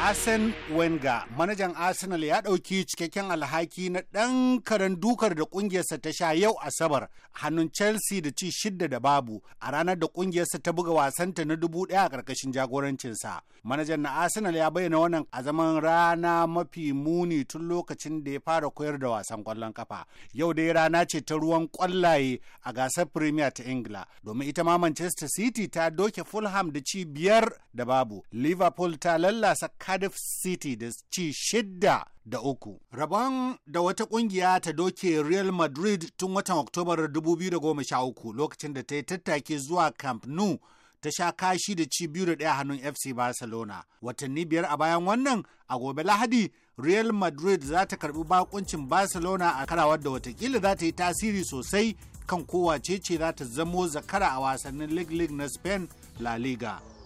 Arsene Wenger, manajan Arsenal ya ɗauki cikakken alhaki na ɗan karen dukar da ƙungiyarsa ta sha yau Asabar hannun Chelsea da ci shidda da babu a ranar da ƙungiyarsa ta buga wasanta na dubu ɗaya a ƙarƙashin jagorancinsa. Manajan na Arsenal ya bayyana wannan a zaman rana mafi muni tun lokacin da ya fara koyar da wasan kwallon kafa. Yau dai rana ce ta ruwan ƙwallaye a gasar Premier ta Ingila domin ita ma Manchester City ta doke Fulham da ci biyar da babu. Liverpool ta lallasa Cardiff City da ci shidda da uku. Rabon da wata kungiya ta doke Real Madrid tun watan Oktobar 2013 lokacin da ta yi tattaki zuwa Camp Nou ta sha kashi da ci biyu da ɗaya hannun FC Barcelona. Watanni biyar a bayan wannan a gobe Lahadi Real Madrid za ta karbi bakuncin Barcelona a karawar da watakila za ta yi tasiri sosai kan kowace ce za ta zamo zakara a wasannin League League na Spain La Liga.